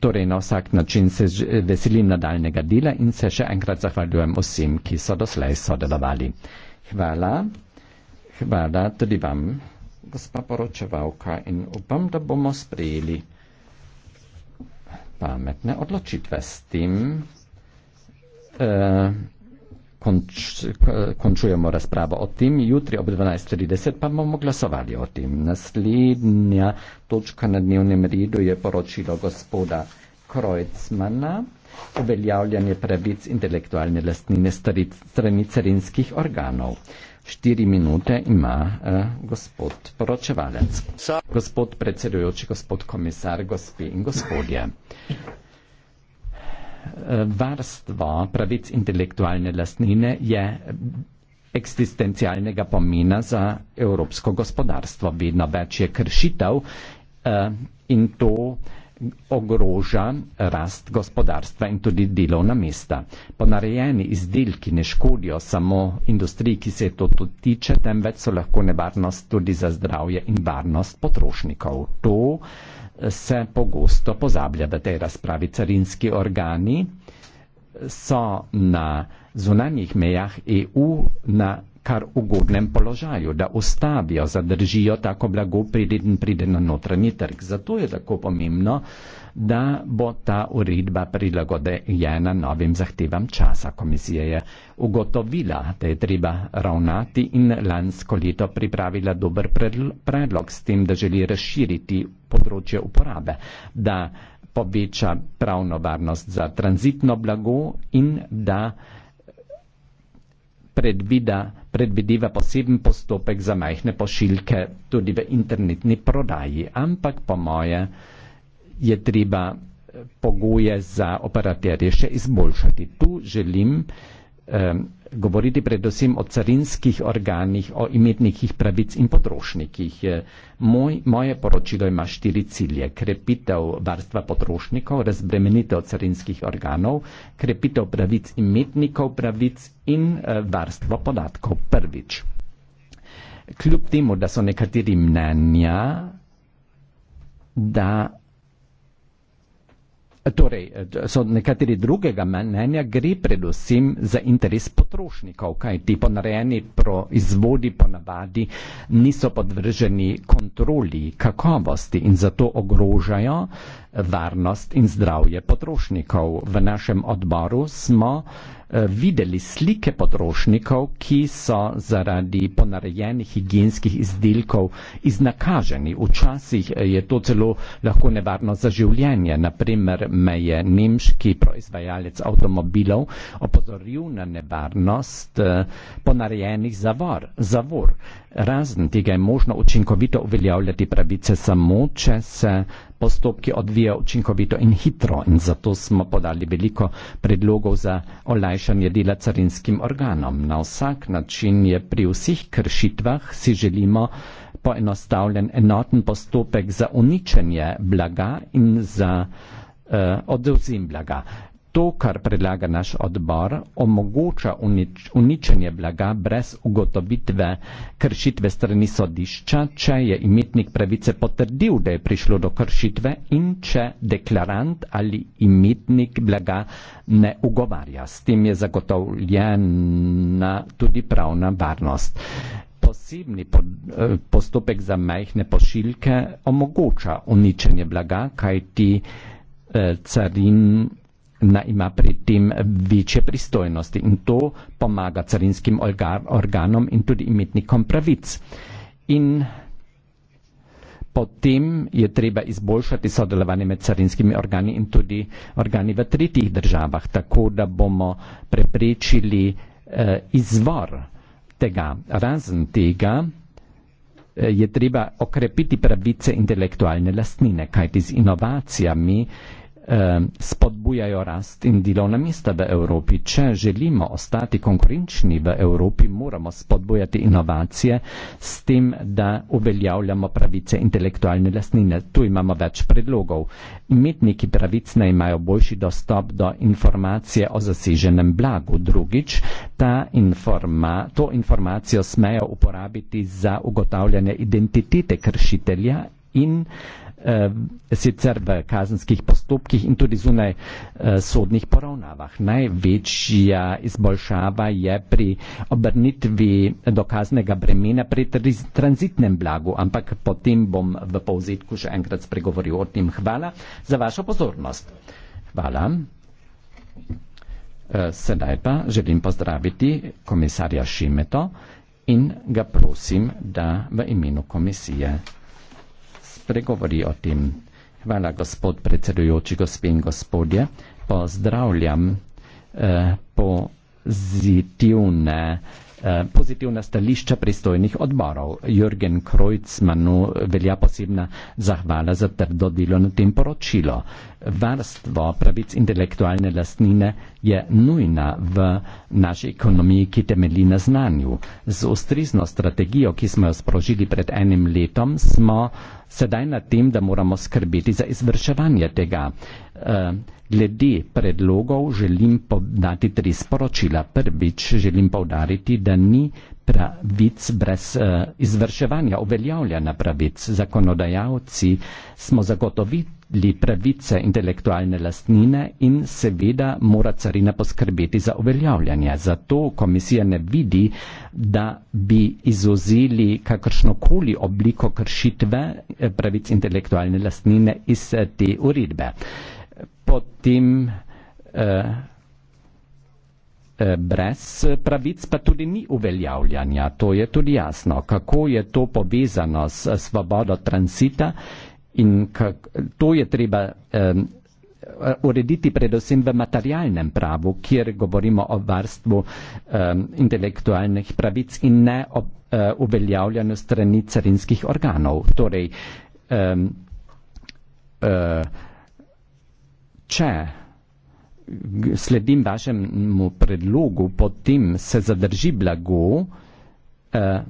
torej na vsak način se veselim nadaljnega dela in se še enkrat zahvaljujem vsem, ki so doslej sodelovali. Hvala. Hvala tudi vam, gospa poročevalka, in upam, da bomo sprejeli pametne odločitve s tem. Uh, konč, končujemo razpravo o tem. Jutri ob 12.30 pa bomo glasovali o tem. Naslednja točka na dnevnem redu je poročilo gospoda Krojcmana. Uveljavljanje pravic intelektualne lastnine strani carinskih organov. Štiri minute ima eh, gospod poročevalec. Gospod predsedujoči, gospod komisar, gospe in gospodje varstvo pravic intelektualne lastnine je eksistencialnega pomena za evropsko gospodarstvo. Vedno več je kršitev eh, in to ogroža rast gospodarstva in tudi delovna mesta. Ponarejeni izdelki ne škodijo samo industriji, ki se to tudi tiče, temveč so lahko nevarnost tudi za zdravje in varnost potrošnikov. To uh, se pogosto pozablja v tej razpravi. Carinski organi so na zunanjih mejah EU na kar ugodnem položaju, da ustavijo, zadržijo tako blago, preden pride na notranji trg. Zato je tako pomembno, da bo ta uredba prilagodejena novim zahtevam časa. Komisija je ugotovila, da je treba ravnati in lansko leto pripravila dober predlog s tem, da želi razširiti področje uporabe, da poveča pravno varnost za tranzitno blago in da predvida, predvideva poseben postopek za majhne pošiljke tudi v internetni prodaji. Ampak po moje je treba eh, pogoje za operaterje še izboljšati. Tu želim eh, govoriti predvsem o carinskih organih, o imetnikih pravic in potrošnikih. Moj, moje poročilo ima štiri cilje. Krepitev varstva potrošnikov, razbremenitev carinskih organov, krepitev pravic imetnikov pravic in eh, varstvo podatkov. Prvič. Kljub temu, da so nekateri mnenja, da Torej, so nekateri drugega mnenja, gre predvsem za interes potrošnikov, kaj ti ponarejeni proizvodi ponavadi niso podvrženi kontroli kakovosti in zato ogrožajo uh, varnost in zdravje potrošnikov. V našem odboru smo eh, videli slike potrošnikov, ki so zaradi ponarejenih higijenskih izdelkov iznakaženi. Včasih eh, je to celo lahko nevarno za življenje. Naprimer me je nemški proizvajalec avtomobilov opozoril na nevarnost eh, ponarejenih zavor. zavor. Razen tega je možno učinkovito uveljavljati pravice samo, če se postopki odvijajo odvija učinkovito in hitro in zato smo podali veliko predlogov za olajšanje dela carinskim organom. Na vsak način je pri vseh kršitvah si želimo poenostavljen enoten postopek za uničenje blaga in za uh, odvzem blaga. To, kar predlaga naš odbor, omogoča unič, uničenje blaga brez ugotovitve kršitve strani sodišča, če je imetnik pravice potrdil, da je prišlo do kršitve in če deklarant ali imetnik blaga ne ugovarja. S tem je zagotovljena tudi pravna varnost. Posebni eh, postopek za majhne pošiljke omogoča uničenje blaga, kajti eh, carin ima pri tem večje pristojnosti in to pomaga carinskim organom in tudi imetnikom pravic. In potem je treba izboljšati sodelovanje med carinskimi organi in tudi organi v tretjih državah, tako da bomo preprečili eh, izvor tega. Razen tega eh, je treba okrepiti pravice intelektualne lastnine, kajti z inovacijami Ehm, spodbujajo rast in delovna mesta v Evropi. Če želimo ostati konkurenčni v Evropi, moramo spodbujati inovacije s tem, da uveljavljamo pravice intelektualne lasnine. Tu imamo več predlogov. Imetniki pravic naj imajo boljši dostop do informacije o zaseženem blagu. Drugič, informa, to informacijo smejo uporabiti za ugotavljanje identitete kršitelja in sicer v kazenskih postopkih in tudi zunaj eh, sodnih poravnavah. Največja izboljšava je pri obrnitvi dokaznega bremena pri tranzitnem blagu, ampak potem bom v povzetku še enkrat spregovoril o tem. Hvala za vašo pozornost. Hvala. Eh, sedaj pa želim pozdraviti komisarja Šimeto in ga prosim, da v imenu komisije spregovori o tem. Hvala, gospod predsedujoči, gospe in gospodje. Pozdravljam eh, pozitivne, eh, pozitivne stališča pristojnih odborov. Jürgen Krojcmanu velja posebna zahvala za trdo delo na tem poročilo. Varstvo pravic intelektualne lastnine je nujna v naši ekonomiji, ki temelji na znanju. Z ustrezno strategijo, ki smo jo sprožili pred enim letom, smo sedaj na tem, da moramo skrbeti za izvrševanje tega. Eh, glede predlogov želim podati tri sporočila. Prvič želim povdariti, da ni pravic brez eh, izvrševanja, uveljavljanja pravic. Zakonodajalci smo zagotoviti ali pravice intelektualne lastnine in seveda mora carina poskrbeti za uveljavljanje. Zato komisija ne vidi, da bi izuzeli kakršnokoli obliko kršitve eh, pravic intelektualne lastnine iz eh, te uredbe. Potem eh, brez pravic pa tudi ni uveljavljanja, to je tudi jasno. Kako je to povezano s svobodo transita? in to je treba um, urediti predvsem v materialnem pravu, kjer govorimo o varstvu um, intelektualnih pravic in ne o uh, uveljavljanju strani carinskih organov. Torej, um, uh, če sledim vašemu predlogu, potem se zadrži blago, uh,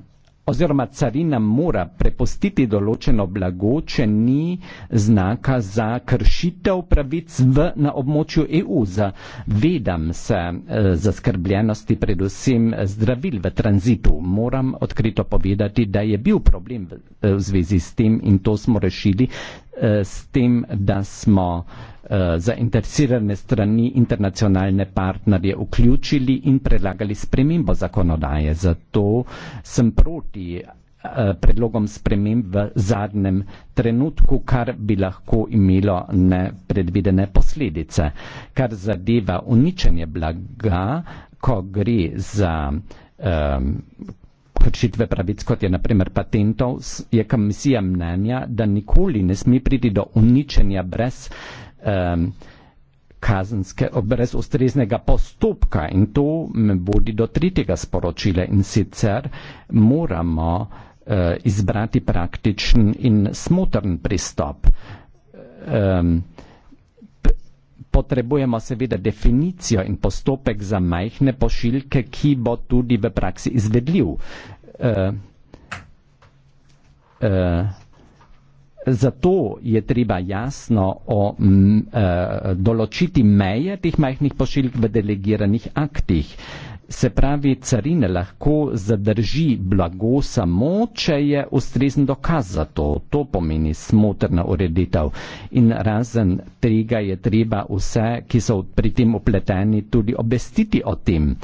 oziroma carina mora prepustiti določeno blago, če ni znaka za kršitev pravic v, na območju EU. Zavedam se e, zaskrbljenosti predvsem eh, zdravil v tranzitu. Moram odkrito povedati, da je bil problem v, eh, v zvezi s tem in to smo rešili e, s tem, da smo. E, Eh, zainteresirane strani internacionalne partnerje vključili in predlagali spremembo zakonodaje. Zato sem proti eh, predlogom sprememb v zadnjem trenutku, kar bi lahko imelo nepredvidene posledice. Kar zadeva uničenje blaga, ko gre za um, kršitve pravic, kot je naprimer patentov, je komisija mnenja, da nikoli ne sme priti do uničenja brez uh, um, kazenske, brez ustreznega postopka in to me bodi do tretjega sporočila in sicer moramo uh, izbrati praktičen in smotrn pristop. Um, potrebujemo seveda definicijo in postopek za majhne pošiljke, ki bo tudi v praksi izvedljiv. Uh, uh, Zato je treba jasno o, m, e, določiti meje teh majhnih pošiljk v delegiranih aktih. Se pravi, carine lahko zadrži blago samo, če je ustrezen dokaz za to. To pomeni smotrna ureditev. In razen tega je treba vse, ki so pri tem opleteni, tudi obvestiti o tem.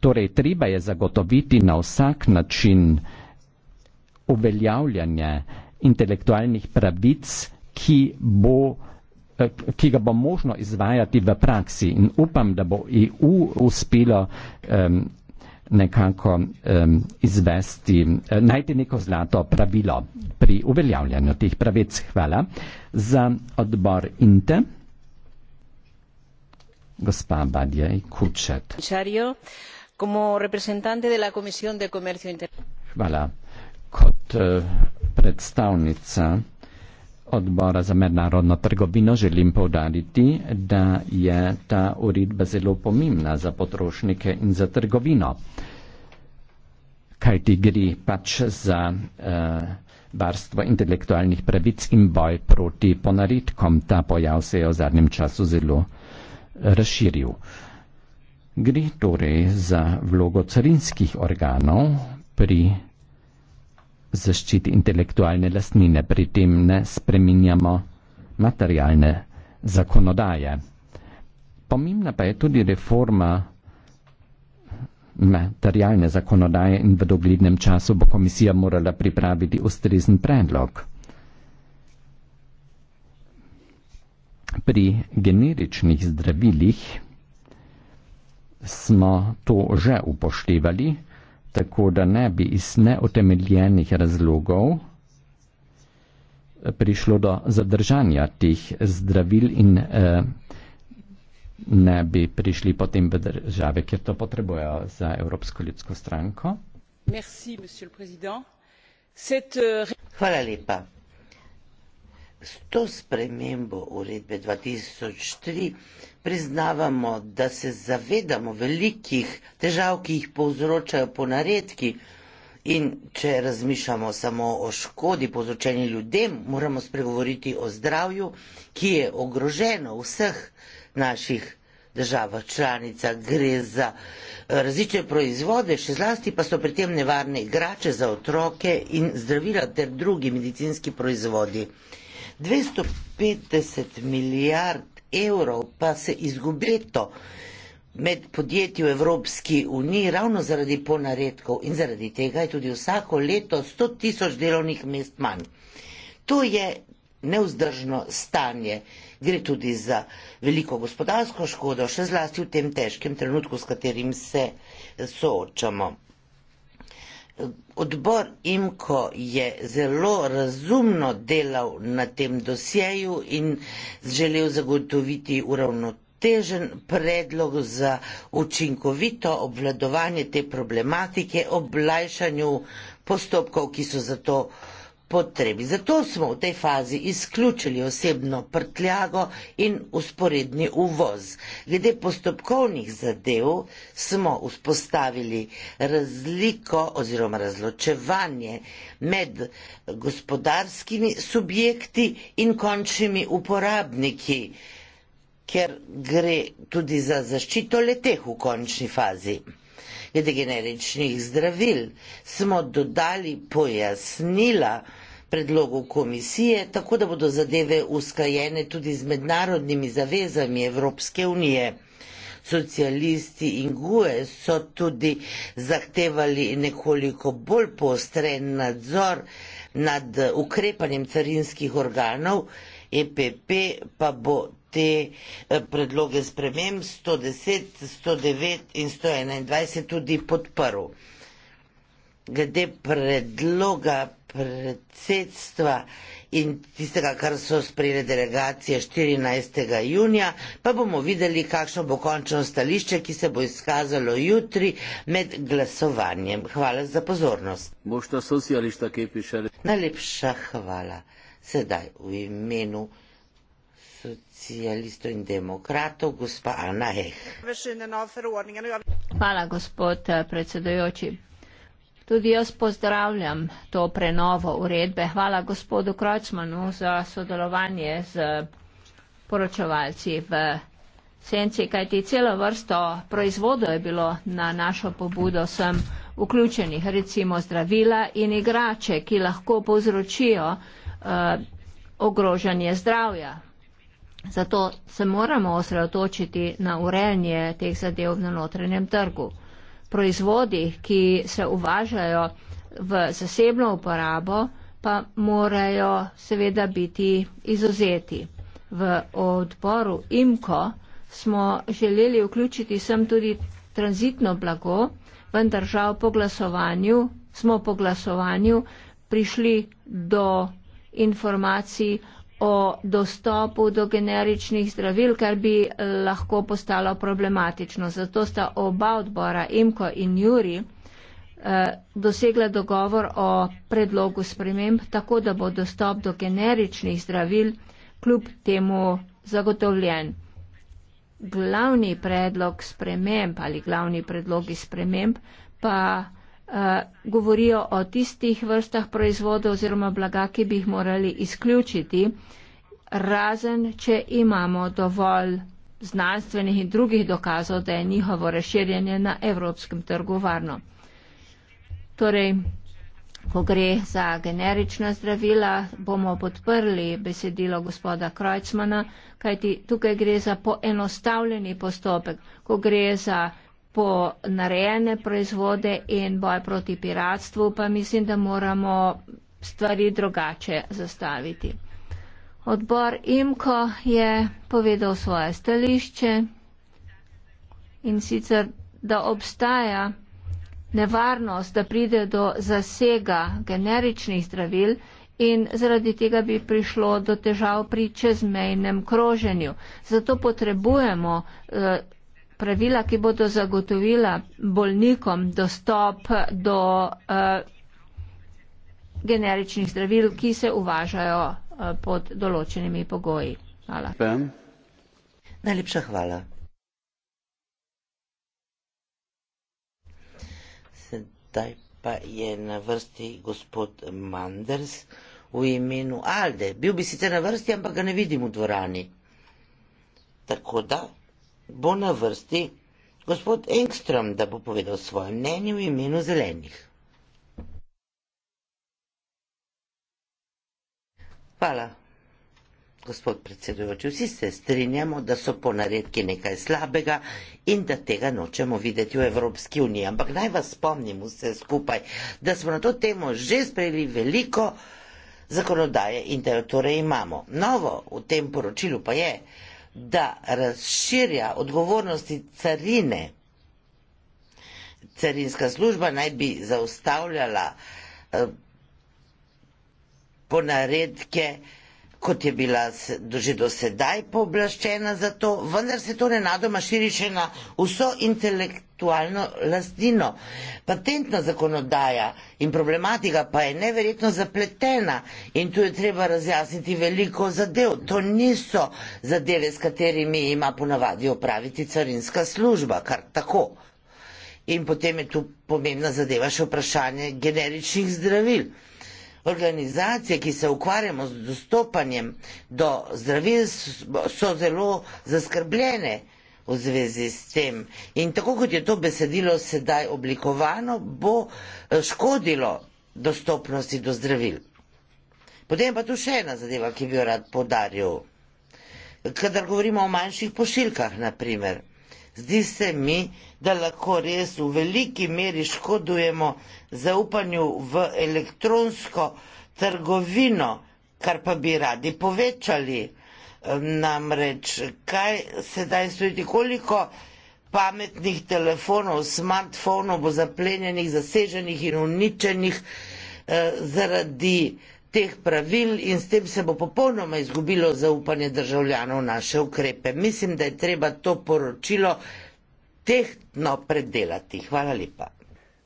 Torej, treba je zagotoviti na vsak način, uveljavljanje intelektualnih pravic, ki, bo, eh, ki ga bo možno izvajati v praksi. In upam, da bo EU uspelo um, nekako um, izvesti, eh, najti neko zlato pravilo pri uveljavljanju teh pravic. Hvala za odbor INTE. Gospa Badja Kučet. Hvala kot eh, predstavnica odbora za mednarodno trgovino želim povdariti, da je ta uredba zelo pomembna za potrošnike in za trgovino. Kaj ti gre pač za uh, varstvo intelektualnih pravic in boj proti ponaritkom? Ta pojav se je v zadnjem času zelo eh, razširil. Gre torej za vlogo carinskih organov pri zaščiti intelektualne lastnine, pri tem ne spreminjamo materialne zakonodaje. Pomembna pa je tudi reforma materialne zakonodaje in v doglednem času bo komisija morala pripraviti ustrezen predlog. Pri generičnih zdravilih smo to že upoštevali tako da ne bi iz neotemeljenih razlogov prišlo do zadržanja teh zdravil in eh, ne bi prišli potem v države, kjer to potrebujejo za Evropsko ljudsko stranko. Euh, Hvala lepa. S to spremembo uredbe 2003 priznavamo, da se zavedamo velikih težav, ki jih povzročajo ponaredki in če razmišljamo samo o škodi povzročeni ljudem, moramo spregovoriti o zdravju, ki je ogroženo v vseh naših državah članica, gre za eh, različne proizvode, še zlasti pa so pri tem nevarne igrače za otroke in zdravila ter drugi medicinski proizvodi. 250 milijard evrov pa se izgubeto med podjetji v Evropski uniji ravno zaradi ponaredkov in zaradi tega je tudi vsako leto 100 tisoč delovnih mest manj. To je neuzdržno stanje. Gre tudi za veliko gospodarsko škodo, še zlasti v tem težkem trenutku, s katerim se soočamo. Odbor IMKO je zelo razumno delal na tem dosjeju in želel zagotoviti uravnotežen predlog za učinkovito obvladovanje te problematike, oblajšanju postopkov, ki so za to potrebni potrebi. Zato smo v tej fazi izključili osebno prtljago in usporedni uvoz. Glede postopkovnih zadev smo vzpostavili razliko oziroma razločevanje med gospodarskimi subjekti in končnimi uporabniki, ker gre tudi za zaščito leteh v končni fazi glede generičnih zdravil. Smo dodali pojasnila predlogu komisije, tako da bodo zadeve usklajene tudi z mednarodnimi zavezami Evropske unije. Socialisti in GUE so tudi zahtevali nekoliko bolj postren nadzor nad ukrepanjem carinskih organov, EPP pa bo te eh, predloge spremem 110, 109 in 121 tudi podprl. Glede predloga predsedstva in tistega, kar so sprejeli delegacije 14. junija, pa bomo videli, kakšno bo končno stališče, ki se bo izkazalo jutri med glasovanjem. Hvala za pozornost. Najlepša hvala. Sedaj v imenu socialistov in demokratov, gospa Ana Eh. Hvala, gospod eh, predsedujoči. Tudi jaz pozdravljam to prenovo uredbe. Hvala gospodu Kročmanu za sodelovanje z poročevalci v senci, kajti celo vrsto proizvodov je bilo na našo pobudo sem vključenih, recimo zdravila in igrače, ki lahko povzročijo uh, ogrožanje zdravja Zato se moramo osredotočiti na urejanje teh zadev na notranjem trgu. Proizvodi, ki se uvažajo v zasebno uporabo, pa morajo seveda biti izuzeti. V odboru IMKO smo želeli vključiti sem tudi tranzitno blago, vendar žal po glasovanju smo po glasovanju prišli do informacij o dostopu do generičnih zdravil, kar bi eh, lahko postalo problematično. Zato sta oba odbora, Imko in Juri, eh, dosegla dogovor o predlogu sprememb, tako da bo dostop do generičnih zdravil kljub temu zagotovljen. Glavni predlog sprememb ali glavni predlogi sprememb pa Eh, govorijo o tistih vrstah proizvodov oziroma blaga, ki bi jih morali izključiti, razen če imamo dovolj znanstvenih in drugih dokazov, da je njihovo razširjanje na evropskem trgu varno. Torej, ko gre za generična zdravila, bomo podprli besedilo gospoda Krojcmana, kajti tukaj gre za poenostavljeni postopek, ko gre za po narejene proizvode in boj proti piratstvu, pa mislim, da moramo stvari drugače zastaviti. Odbor IMKO je povedal svoje stališče in sicer, da obstaja nevarnost, da pride do zasega generičnih zdravil in zaradi tega bi prišlo do težav pri čezmejnem kroženju. Zato potrebujemo uh, pravila, ki bodo zagotovila bolnikom dostop do eh, generičnih zdravil, ki se uvažajo eh, pod določenimi pogoji. Hvala. Najlepša hvala. Sedaj pa je na vrsti gospod Manders v imenu Alde. Bil bi sicer na vrsti, ampak ga ne vidim v dvorani. Tako da, bo na vrsti gospod Engstrom, da bo povedal svoje mnenje v imenu zelenih. Hvala, gospod predsedujoči. Vsi se strinjamo, da so po naredki nekaj slabega in da tega nočemo videti v Evropski uniji. Ampak naj vas spomnim vse skupaj, da smo na to temo že sprejeli veliko zakonodaje in da jo torej imamo. Novo v tem poročilu pa je, da razširja odgovornosti carine. Carinska služba naj bi zaustavljala eh, ponaredke eh, kot je bila že do sedaj pooblaščena za to, vendar se to nenadoma širi še na vso intelektualno lastnino. Patentna zakonodaja in problematika pa je neverjetno zapletena in tu je treba razjasniti veliko zadev. To niso zadeve, s katerimi ima ponavadi opraviti carinska služba, kar tako. In potem je tu pomembna zadeva še vprašanje generičnih zdravil organizacije, ki se ukvarjamo z dostopanjem do zdravil, so zelo zaskrbljene v zvezi s tem. In tako kot je to besedilo sedaj oblikovano, bo eh, škodilo dostopnosti do zdravil. Potem pa tu še ena zadeva, ki bi jo rad podaril. Kadar govorimo o manjših pošiljkah, naprimer, Zdi se mi, da lahko res v veliki meri škodujemo zaupanju v elektronsko trgovino, kar pa bi radi povečali. Namreč, kaj sedaj stojiti, koliko pametnih telefonov, smartfonov bo zaplenjenih, zaseženih in uničenih eh, zaradi eh, teh pravil in s tem se bo popolnoma izgubilo zaupanje državljanov v naše ukrepe. Mislim, da je treba to poročilo tehtno predelati. Hvala lepa.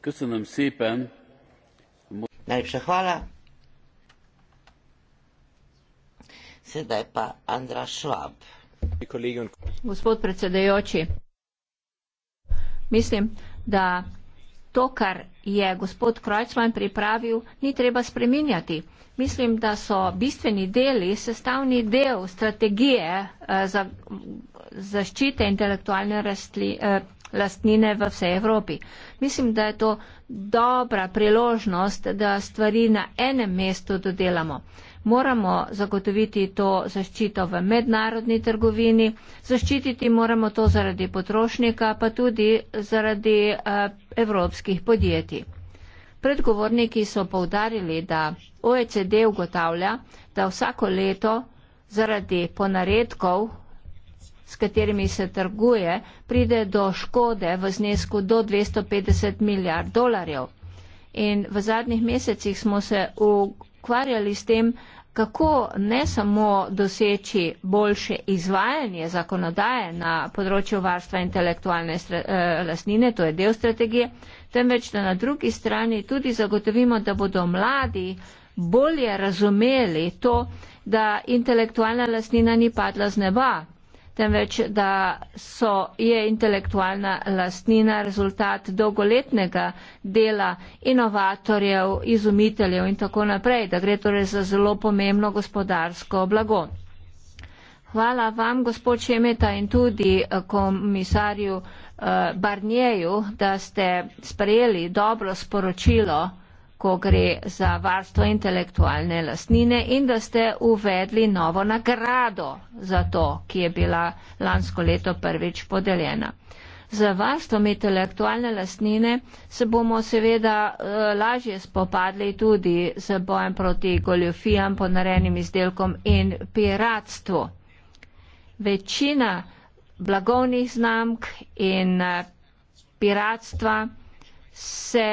Kaj se nam sepe? Mo Najlepša hvala. Sedaj pa Andra Švab. Gospod predsedajoči, mislim, da to, kar je gospod Krojcman pripravil, ni treba spreminjati. Mislim, da so bistveni deli, sestavni del strategije eh, za zaščite intelektualne rastli, eh, lastnine v vsej Evropi. Mislim, da je to dobra priložnost, da stvari na enem mestu dodelamo moramo zagotoviti to zaščito v mednarodni trgovini, zaščititi moramo to zaradi potrošnika, pa tudi zaradi eh, evropskih podjetij. Predgovorniki so povdarili, da OECD ugotavlja, da vsako leto zaradi ponaredkov, s katerimi se trguje, pride do škode v znesku do 250 milijard dolarjev. In v zadnjih mesecih smo se ukvarjali s tem, kako ne samo doseči boljše izvajanje zakonodaje na področju varstva intelektualne eh, lasnine, to je del strategije, temveč da na drugi strani tudi zagotovimo, da bodo mladi bolje razumeli to, da intelektualna lasnina ni padla z neba, temveč da so, je intelektualna lastnina rezultat dolgoletnega dela inovatorjev, izumiteljev in tako naprej, da gre torej za zelo pomembno gospodarsko blago. Hvala vam, gospod Šemeta, in tudi eh, komisarju eh, Barnjeju, da ste sprejeli dobro sporočilo ko gre za varstvo intelektualne lastnine in da ste uvedli novo nagrado za to, ki je bila lansko leto prvič podeljena. Za varstvom intelektualne lastnine se bomo seveda eh, lažje spopadli tudi z bojem proti goljofijam, ponarenim izdelkom in piratstvu. Večina blagovnih znamk in eh, piratstva se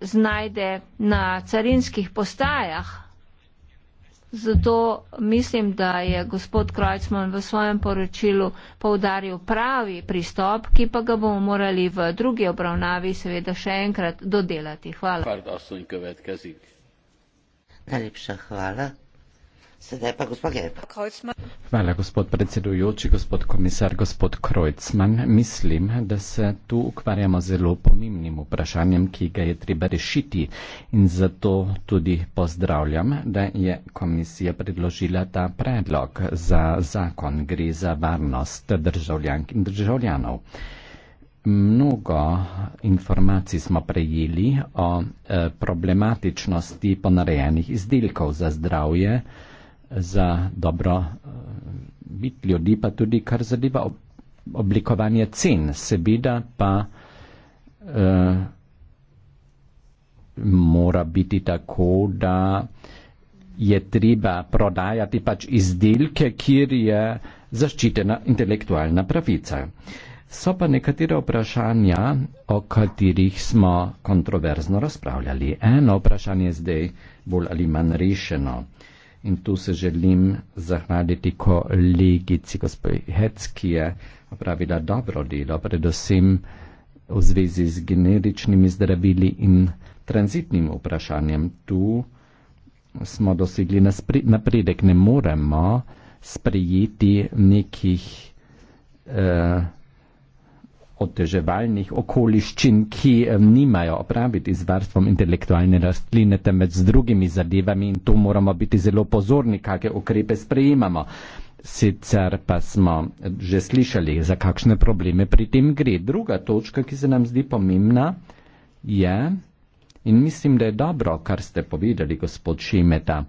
znajde na carinskih postajah. Zato mislim, da je gospod Krojcman v svojem poročilu povdaril pravi pristop, ki pa ga bomo morali v drugi obravnavi seveda še enkrat dodelati. Hvala. Najlepša hvala. Sedaj pa gospod Gerber. Hvala, gospod predsedujoči, gospod komisar, gospod Krojcman. Mislim, da se tu ukvarjamo zelo pomembnim vprašanjem, ki ga je treba rešiti in zato tudi pozdravljam, da je komisija predložila ta predlog za zakon. Gre za varnost državljank in državljanov. Mnogo informacij smo prejeli o eh, problematičnosti ponarejenih izdelkov za zdravje, za dobro eh, bit ljudi, pa tudi kar zadeva oblikovanje cen. Seveda pa uh, mora biti tako, da je treba prodajati pač izdelke, kjer je zaščitena intelektualna pravica. So pa nekatere vprašanja, o katerih smo kontroverzno razpravljali. Eno vprašanje je zdaj bolj ali manj rešeno. Uh, In tu se želim zahvaliti kolegici gospod Hec, ki je opravila dobro delo, predvsem v zvezi z generičnimi zdravili in tranzitnim vprašanjem. Tu smo dosegli napredek, ne moremo sprejeti nekih. Uh, oteževalnih okoliščin, ki nimajo opraviti z varstvom intelektualne rastline, temveč z drugimi zadevami in tu moramo biti zelo pozorni, kakšne ukrepe sprejemamo. Sicer pa smo že slišali, za kakšne probleme pri tem gre. Druga točka, ki se nam zdi pomembna, je, in mislim, da je dobro, kar ste povedali, gospod Šimeta,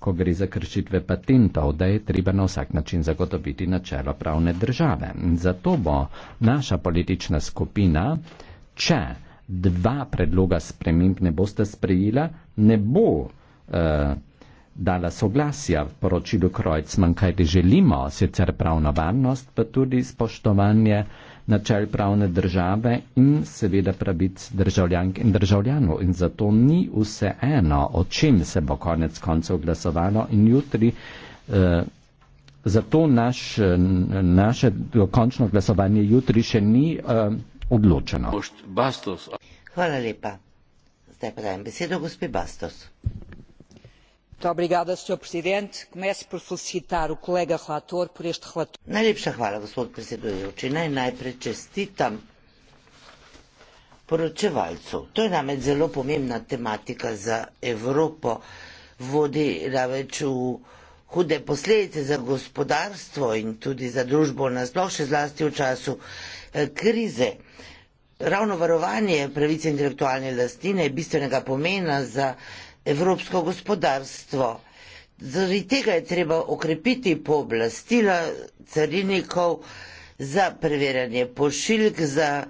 ko gre za kršitve patentov, da je treba na vsak način zagotoviti načelo pravne države. Zato bo naša politična skupina, če dva predloga sprememb ne boste sprejela, ne bo eh, dala soglasja v poročilu Krojcman, kaj želimo, sicer pravno varnost, pa tudi spoštovanje eh, načel pravne države in seveda pravic državljank in državljanov. In zato ni vse eno, o čem se bo konec koncev glasovalo in jutri. Eh, zato naš, naše končno glasovanje jutri še ni eh, odločeno. Hvala lepa. Zdaj pa dajem besedo gospe Bastos gospod predsednik começo por felicitar o colega relator por este relatório. Najlepša hvala, gospod predsedujoči. Naj najprej čestitam poročevalcu. To je namreč zelo pomembna tematika za Evropo. Vodi namreč v hude posledice za gospodarstvo in tudi za družbo nasploh, še zlasti v času eh, krize. Ravno varovanje pravice intelektualne lastine je bistvenega pomena za evropsko gospodarstvo. Zaradi tega je treba okrepiti pooblastila carinikov za preverjanje pošiljk, za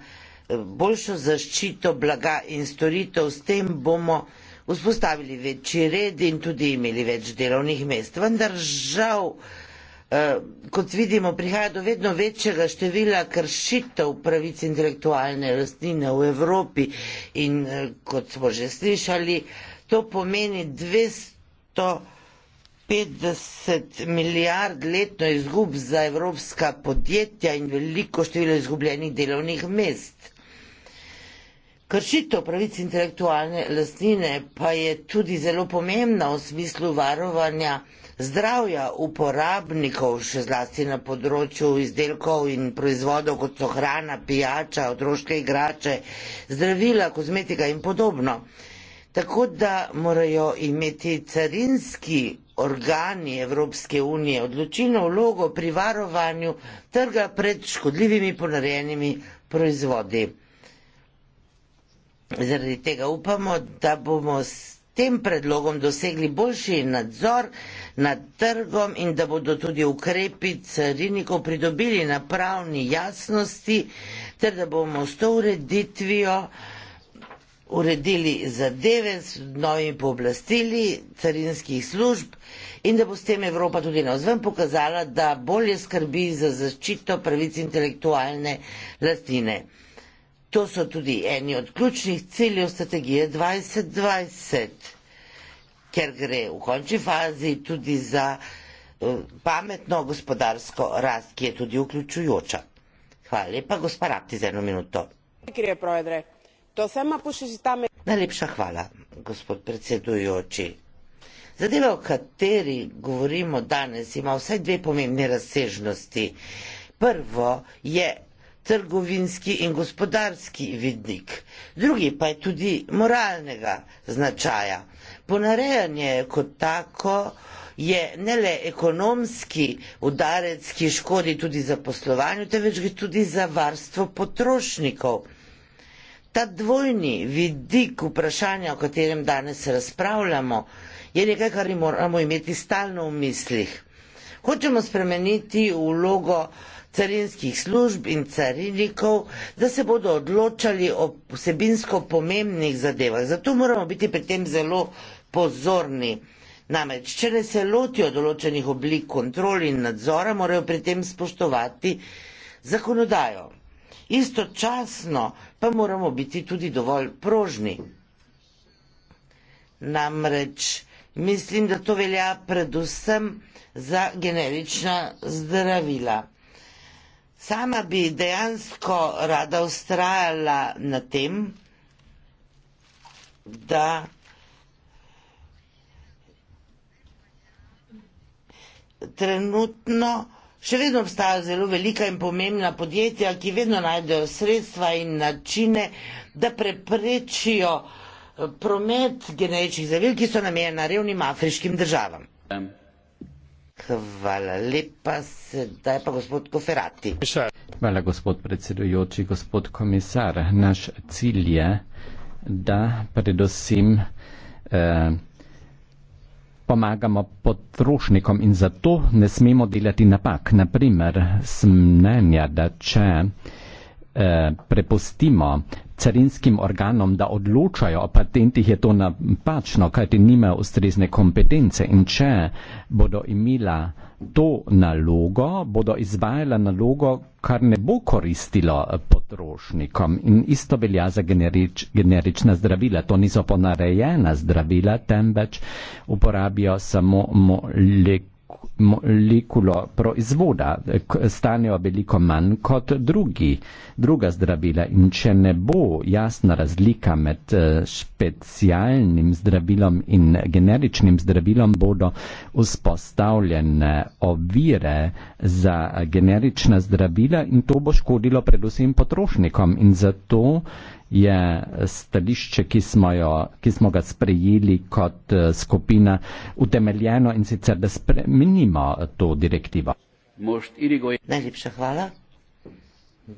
eh, boljšo zaščito blaga in storitev. S tem bomo vzpostavili večji red in tudi imeli več delovnih mest. Vendar žal, eh, kot vidimo, prihaja do vedno večjega števila kršitev pravic intelektualne lastnine v Evropi in eh, kot smo že slišali, To pomeni 250 milijard letno izgub za evropska podjetja in veliko število izgubljenih delovnih mest. Kršitev pravic intelektualne lastnine pa je tudi zelo pomembna v smislu varovanja zdravja uporabnikov, še zlasti na področju izdelkov in proizvodov, kot so hrana, pijača, otroške igrače, zdravila, kozmetika in podobno. Tako da morajo imeti carinski organi Evropske unije odločilno vlogo pri varovanju trga pred škodljivimi ponarejenimi proizvodi. Zaradi tega upamo, da bomo s tem predlogom dosegli boljši nadzor nad trgom in da bodo tudi ukrepi carinikov pridobili na pravni jasnosti ter da bomo s to ureditvijo uredili zadeve z novimi pooblastili carinskih služb in da bo s tem Evropa tudi na vzven pokazala, da bolje skrbi za zaščito pravic intelektualne lastnine. To so tudi eni od ključnih ciljev strategije 2020, ker gre v končni fazi tudi za eh, pametno gospodarsko rast, ki je tudi vključujoča. Hvala lepa, gospod Rapti, za eno minuto. Kjer je pravi, da je? To tema, ki jo sežitame. Najlepša hvala, gospod predsedujoči. Zadeva, o kateri govorimo danes, ima vsaj dve pomembne razsežnosti. Prvo je trgovinski in gospodarski vidnik, drugi pa je tudi moralnega značaja. Ponarejanje kot tako je ne le ekonomski udarec, ki škodi tudi za poslovanje, temveč tudi za varstvo potrošnikov. Ta dvojni vidik vprašanja, o katerem danes razpravljamo, je nekaj, kar moramo imeti stalno v mislih. Hočemo spremeniti vlogo carinskih služb in carinikov, da se bodo odločali o vsebinsko pomembnih zadevah. Zato moramo biti pri tem zelo pozorni. Namreč, če ne se lotijo določenih oblik kontrol in nadzora, morajo pri tem spoštovati zakonodajo. Istočasno pa moramo biti tudi dovolj prožni. Namreč mislim, da to velja predvsem za generična zdravila. Sama bi dejansko rada ustrajala na tem, da trenutno Še vedno obstajajo zelo velika in pomembna podjetja, ki vedno najdejo sredstva in načine, da preprečijo eh, promet genetičnih zavil, ki so namenjena revnim afriškim državam. Hvala lepa, sedaj pa gospod Koferati. Hvala gospod predsedujoči, gospod komisar. Naš cilj je, da predvsem eh, pomagamo potrošnikom in zato ne smemo delati napak. Naprimer, sem mnenja, da če eh, prepustimo carinskim organom, da odločajo o patentih, je to napačno, kajti nimajo ustrezne kompetence. In če bodo imela to nalogo, bodo izvajala nalogo, kar ne bo koristilo potrošnikom. In isto velja za generič, generična zdravila. To niso ponarejena zdravila, temveč uporabijo samo molek molekulo proizvoda, stanejo veliko manj kot drugi, druga zdravila. In če ne bo jasna razlika med eh, specialnim zdravilom in generičnim zdravilom, bodo vzpostavljene ovire za generična zdravila in to bo škodilo predvsem potrošnikom. In zato je stališče, ki smo, jo, ki smo ga sprejeli kot eh, skupina, utemeljeno in sicer, da spremenimo to direktivo. Najlepša hvala.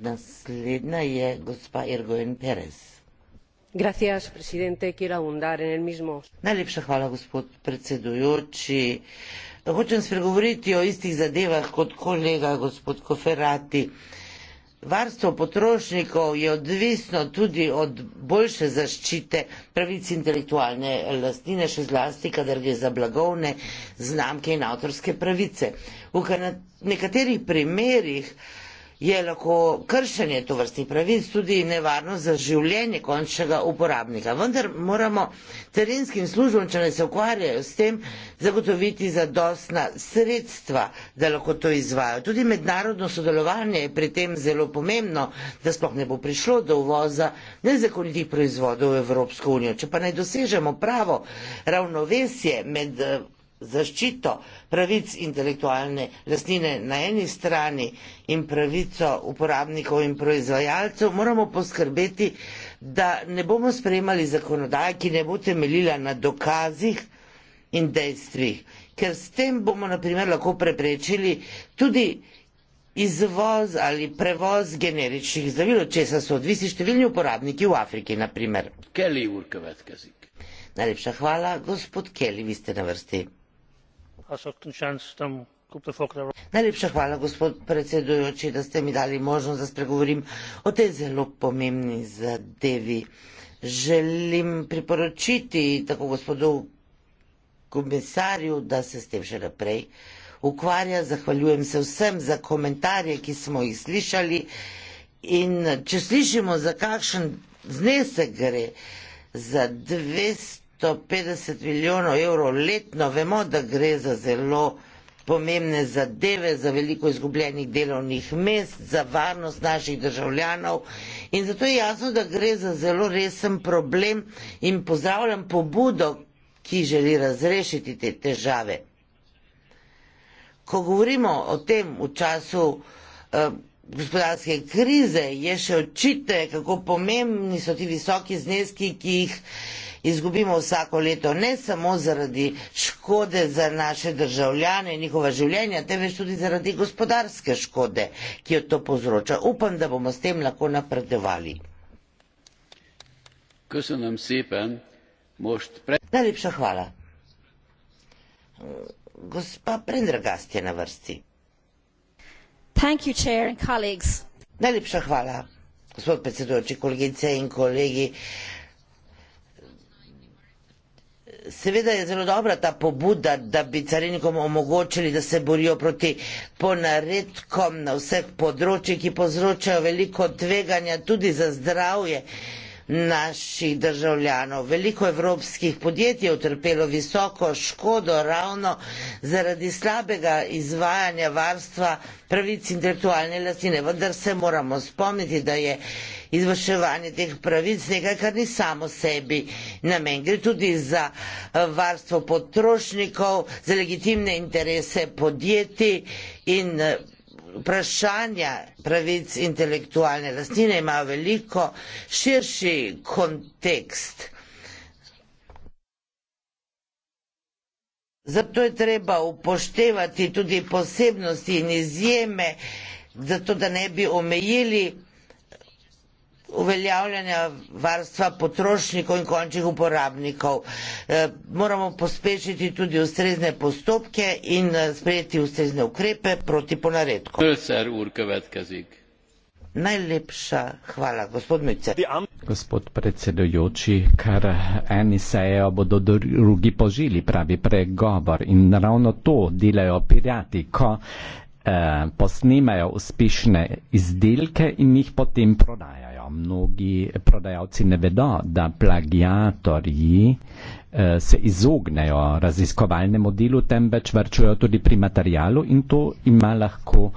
Naslednja je gospa Irgojen Perez. Gracias, presidente, quiero abundar en el mismo. Najlepša hvala, gospod predsedujoči. Hočem spregovoriti o istih zadevah kot kolega gospod Koferati. Varstvo potrošnikov je odvisno tudi od boljše zaščite pravic intelektualne lastnine, še zlasti, kadar gre za blagovne znamke in avtorske pravice. V nekaterih primerjih je lahko kršenje to vrstnih pravic tudi nevarno za življenje končnega uporabnika. Vendar moramo terenskim službam, če ne se ukvarjajo s tem, zagotoviti zadostna sredstva, da lahko to izvajo. Tudi mednarodno sodelovanje je pri tem zelo pomembno, da sploh ne bo prišlo do uvoza nezakonitih proizvodov v Evropsko unijo. Če pa naj dosežemo pravo ravnovesje med eh, zaščito pravic intelektualne lastnine na eni strani in pravico uporabnikov in proizvajalcev, moramo poskrbeti, da ne bomo sprejemali zakonodaje, ki ne bo temeljila na dokazih in dejstvih, ker s tem bomo naprimer lahko preprečili tudi izvoz ali prevoz generičnih zdravil, od česa so odvisi številni uporabniki v Afriki naprimer. Kelly, Najlepša hvala, gospod Kelly, vi ste na vrsti najlepša hvala gospod predsedujoči da ste mi dali možnost da spregovorim o tej zelo pomembni zadevi želim priporočiti tako gospodu komisarju da se s tem še naprej ukvarja zahvaljujem se vsem za komentarje ki smo jih slišali in če slišimo za kakšen znesek gre za dvesto 350 milijonov evrov letno, vemo, da gre za zelo pomembne zadeve, za veliko izgubljenih delovnih mest, za varnost naših državljanov in zato je jasno, da gre za zelo resen problem in pozdravljam pobudo, ki želi razrešiti te težave. Ko govorimo o tem v času eh, gospodarske krize, je še očitne, kako pomembni so ti visoki zneski, ki jih eh, izgubimo vsako leto, ne samo zaradi škode za naše državljane in njihova življenja, temveč tudi zaradi gospodarske škode, ki jo to povzroča. Upam, da bomo s tem lahko napredovali. Najlepša hvala. Gospa Prendergast je na vrsti. Thank you, chair and colleagues. Najlepša hvala, gospod predsedujoči, kolegice in kolegi seveda je zelo dobra ta pobuda, da bi carinikom omogočili, da se borijo proti ponaredkom na vseh področjih, ki povzročajo veliko tveganja tudi za zdravje naših državljanov. Veliko evropskih podjetij je utrpelo visoko škodo ravno zaradi slabega izvajanja varstva pravic intelektualne lastine, vendar se moramo spomniti, da je izvrševanje teh pravic nekaj, kar ni samo sebi namen. Gre tudi za varstvo potrošnikov, za legitimne interese podjetij in vprašanja pravic intelektualne lastnine imajo veliko širši kontekst. Zato je treba upoštevati tudi posebnosti in izjeme, zato da ne bi omejili uveljavljanja varstva potrošnikov in končnih uporabnikov. E, moramo pospešiti tudi ustrezne postopke in e, sprejeti ustrezne ukrepe proti ponaredku. Najlepša hvala, gospod Mice. Gospod predsedujoči, ker eni sejo bodo drugi požili pravi pregovor in ravno to delajo pirati, ko eh, posnemajo uspešne izdelke in jih potem prodajajo prodajo. Mnogi prodajalci ne vedo, da plagiatorji eh, se izognejo raziskovalnemu delu, temveč varčujo tudi pri materialu in to ima lahko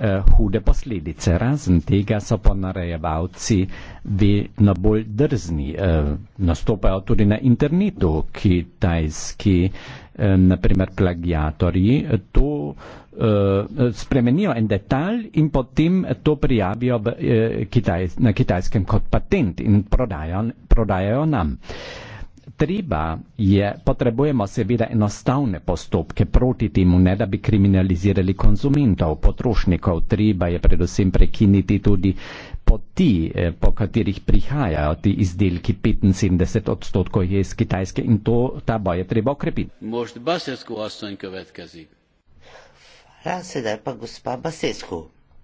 eh, hude posledice. Razen tega so ponarejevalci vedno bolj drzni. Eh, nastopajo tudi na internetu kitajski. Eh, na primer plagiatorji, eh, to uh, spremenijo en detalj in potem to prijavijo v, uh, kitaj, na kitajskem kot patent in prodajo, prodajo nam. Uh, treba je, potrebujemo seveda enostavne postopke proti temu, ne da bi kriminalizirali konzumentov, potrošnikov, treba je predvsem prekiniti tudi poti, eh, po katerih prihajajo ti izdelki 75 odstotkov je iz Kitajske in to, ta boj je treba okrepiti.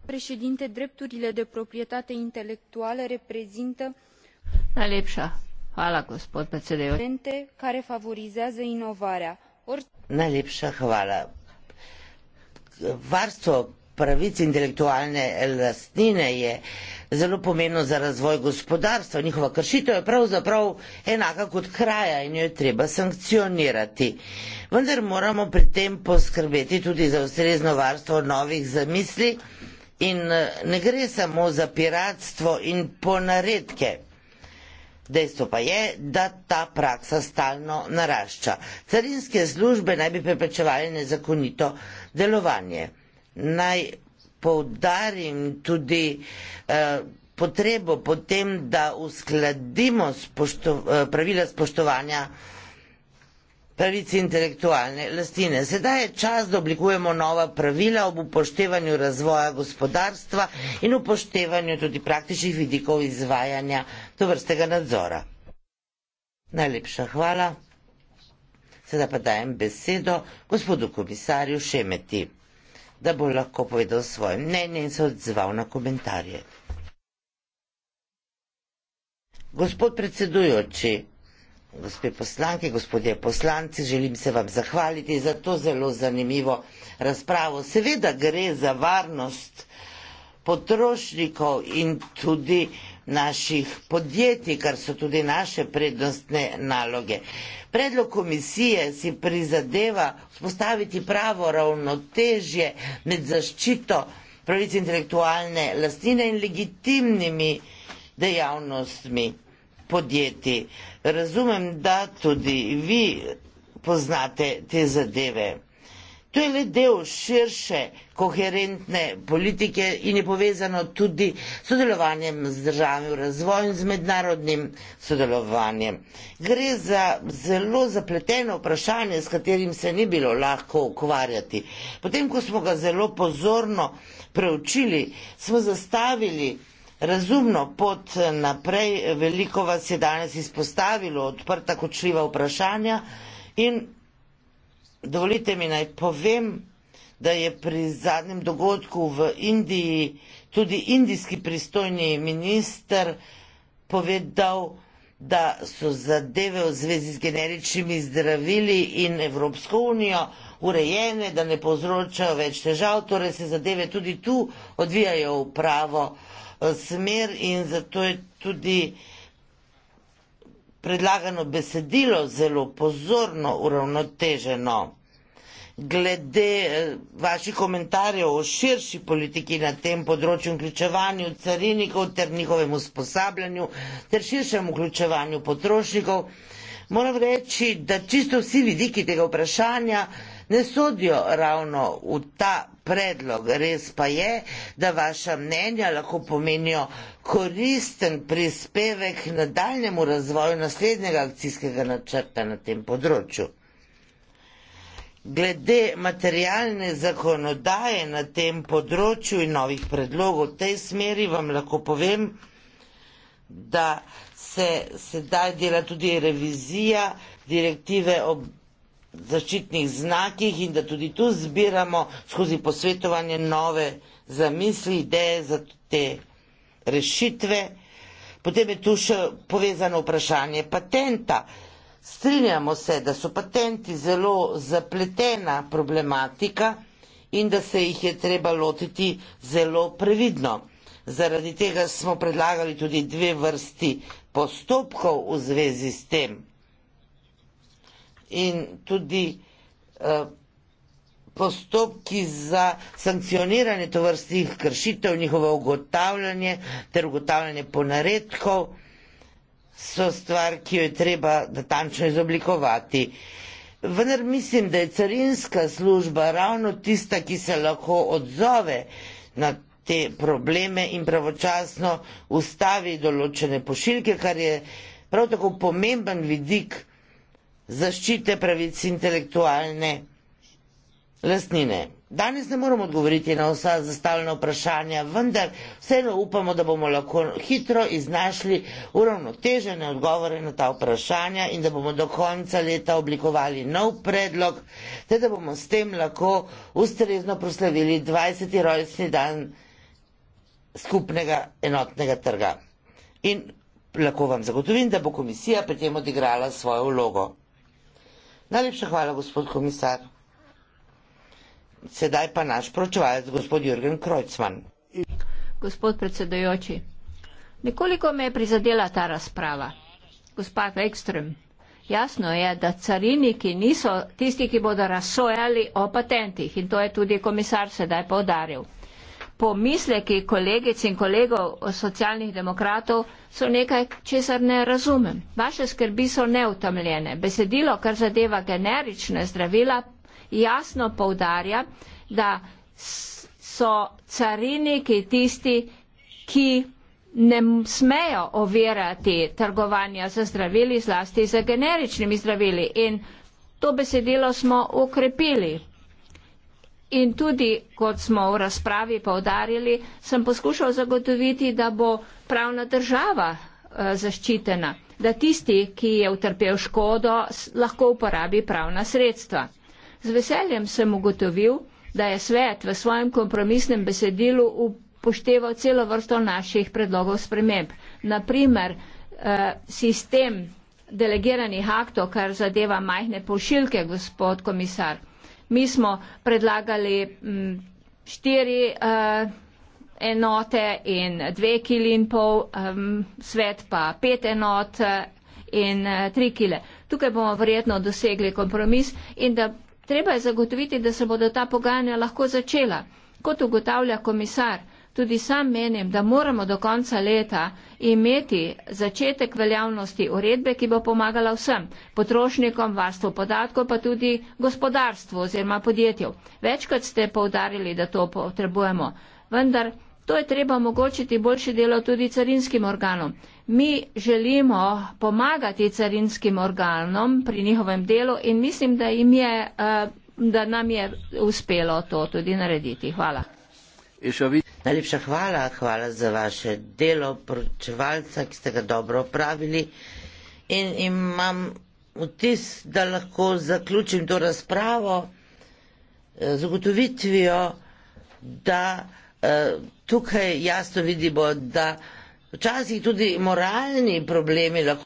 Predsednik, drepturile de proprietate intelektuale reprezintă. Najlepša care favorizează inovarea. Najlepša hvala. Varstvo pravic intelektualne lastnine je zelo pomembno za razvoj gospodarstva. Njihova kršitev je pravzaprav enaka kot kraja in jo je treba sankcionirati. Vendar moramo pri tem poskrbeti tudi za ustrezno varstvo novih zamisli in eh, ne gre samo za piratstvo in ponaredke. Dejstvo pa je, da ta praksa stalno narašča. Carinske službe naj bi preprečevali nezakonito delovanje. Naj poudarim tudi eh, potrebo potem, da uskladimo spošto, eh, pravila spoštovanja eh, pravice intelektualne lastine. Sedaj je čas, da oblikujemo nova pravila ob upoštevanju razvoja gospodarstva in upoštevanju tudi praktičnih vidikov izvajanja tovrstega nadzora. Najlepša hvala. Sedaj pa dajem besedo gospodu komisarju Šemeti, da bo lahko povedal svoje mnenje in se odzval na komentarje. Gospod predsedujoči, gospe poslanke, gospodje poslanci, želim se vam zahvaliti za to zelo zanimivo razpravo. Seveda gre za varnost potrošnikov in tudi naših podjetij, kar so tudi naše prednostne naloge. Predlog komisije si prizadeva vzpostaviti pravo ravnotežje med zaščito pravic intelektualne lastnine in legitimnimi dejavnostmi podjetij. Razumem, da tudi vi poznate te zadeve. To je le del širše koherentne politike in je povezano tudi s sodelovanjem z državami v razvoju in z mednarodnim sodelovanjem. Gre za zelo zapleteno vprašanje, s katerim se ni bilo lahko ukvarjati. Potem, ko smo ga zelo pozorno preučili, smo zastavili Razumno, pot naprej, veliko vas je danes izpostavilo, odprta kočljiva vprašanja in dovolite mi naj povem, da je pri zadnjem dogodku v Indiji tudi indijski pristojni minister povedal, da so zadeve v zvezi z generičnimi zdravili in Evropsko unijo urejene, da ne povzročajo več težav, torej se zadeve tudi tu odvijajo v pravo eh, smer in zato je tudi predlagano besedilo zelo pozorno uravnoteženo. Glede eh, vaših komentarjev o širši politiki na tem področju, vključevanju carinikov ter njihovem usposabljanju ter širšem vključevanju potrošnikov, moram reči, da čisto vsi vidiki tega vprašanja ne sodijo ravno v ta predlog. Res pa je, da vaša mnenja lahko pomenijo koristen prispevek nadaljnemu razvoju naslednjega akcijskega načrta na tem področju. Glede materialne zakonodaje na tem področju in novih predlogov v tej smeri vam lahko povem, da se sedaj dela tudi revizija direktive o zaščitnih znakih in da tudi tu zbiramo skozi posvetovanje nove zamisli, ideje za te rešitve. Potem je tu še povezano vprašanje patenta. Strinjamo se, da so patenti zelo zapletena problematika in da se jih je treba lotiti zelo previdno. Zaradi tega smo predlagali tudi dve vrsti postopkov v zvezi s tem in tudi eh, postopki za sankcioniranje tovrstnih kršitev, njihovo ugotavljanje ter ugotavljanje ponaredkov so stvar, ki jo je treba natančno izoblikovati. Vendar mislim, da je carinska služba ravno tista, ki se lahko odzove na te probleme in pravočasno ustavi določene pošiljke, kar je prav tako pomemben vidik, zaščite pravic intelektualne lastnine. Danes ne moramo odgovoriti na vsa zastavljena vprašanja, vendar vseeno upamo, da bomo lahko hitro iznašli uravnotežene odgovore na ta vprašanja in da bomo do konca leta oblikovali nov predlog, te da bomo s tem lahko ustrezno proslavili 20. rojstni dan skupnega enotnega trga. In lahko vam zagotovim, da bo komisija pri tem odigrala svojo vlogo. Najlepša hvala, gospod komisar. Sedaj pa naš pročevalec, gospod Jürgen Krojcman. Gospod predsedojoči, nekoliko me je prizadela ta razprava. Gospa Ekström, jasno je, da cariniki niso tisti, ki bodo razsojali o patentih in to je tudi komisar sedaj povdaril pomisleki kolegic in kolegov socialnih demokratov so nekaj, česar ne razumem. Vaše skrbi so neutamljene. Besedilo, kar zadeva generične zdravila, jasno povdarja, da so cariniki tisti, ki ne smejo ovirati trgovanja za zdravili, zlasti za generičnimi zdravili. In to besedilo smo ukrepili. In tudi, kot smo v razpravi povdarjali, sem poskušal zagotoviti, da bo pravna država eh, zaščitena, da tisti, ki je utrpel škodo, lahko uporabi pravna sredstva. Z veseljem sem ugotovil, da je svet v svojem kompromisnem besedilu upošteval celo vrsto naših predlogov sprememb. Naprimer, eh, sistem delegiranih aktov, kar zadeva majhne pošiljke, gospod komisar. Mi smo predlagali m, mm, štiri uh, enote in dve kili in pol, um, svet pa pet enot eh, in uh, tri kile. Tukaj bomo verjetno dosegli kompromis in da treba je zagotoviti, da se bodo ta pogajanja lahko začela. Kot ugotavlja komisar, Tudi sam menim, da moramo do konca leta imeti začetek veljavnosti uredbe, ki bo pomagala vsem potrošnikom, varstvu podatkov, pa tudi gospodarstvu oziroma podjetju. Večkrat ste povdarili, da to potrebujemo. Vendar to je treba omogočiti boljše delo tudi carinskim organom. Mi želimo pomagati carinskim organom pri njihovem delu in mislim, da, je, eh, da nam je uspelo to tudi narediti. Hvala. Najlepša hvala, hvala za vaše delo poročevalca, ki ste ga dobro opravili. In imam vtis, da lahko zaključim to razpravo eh, z ugotovitvijo, da eh, tukaj jasno vidimo, da včasih tudi moralni problemi lahko.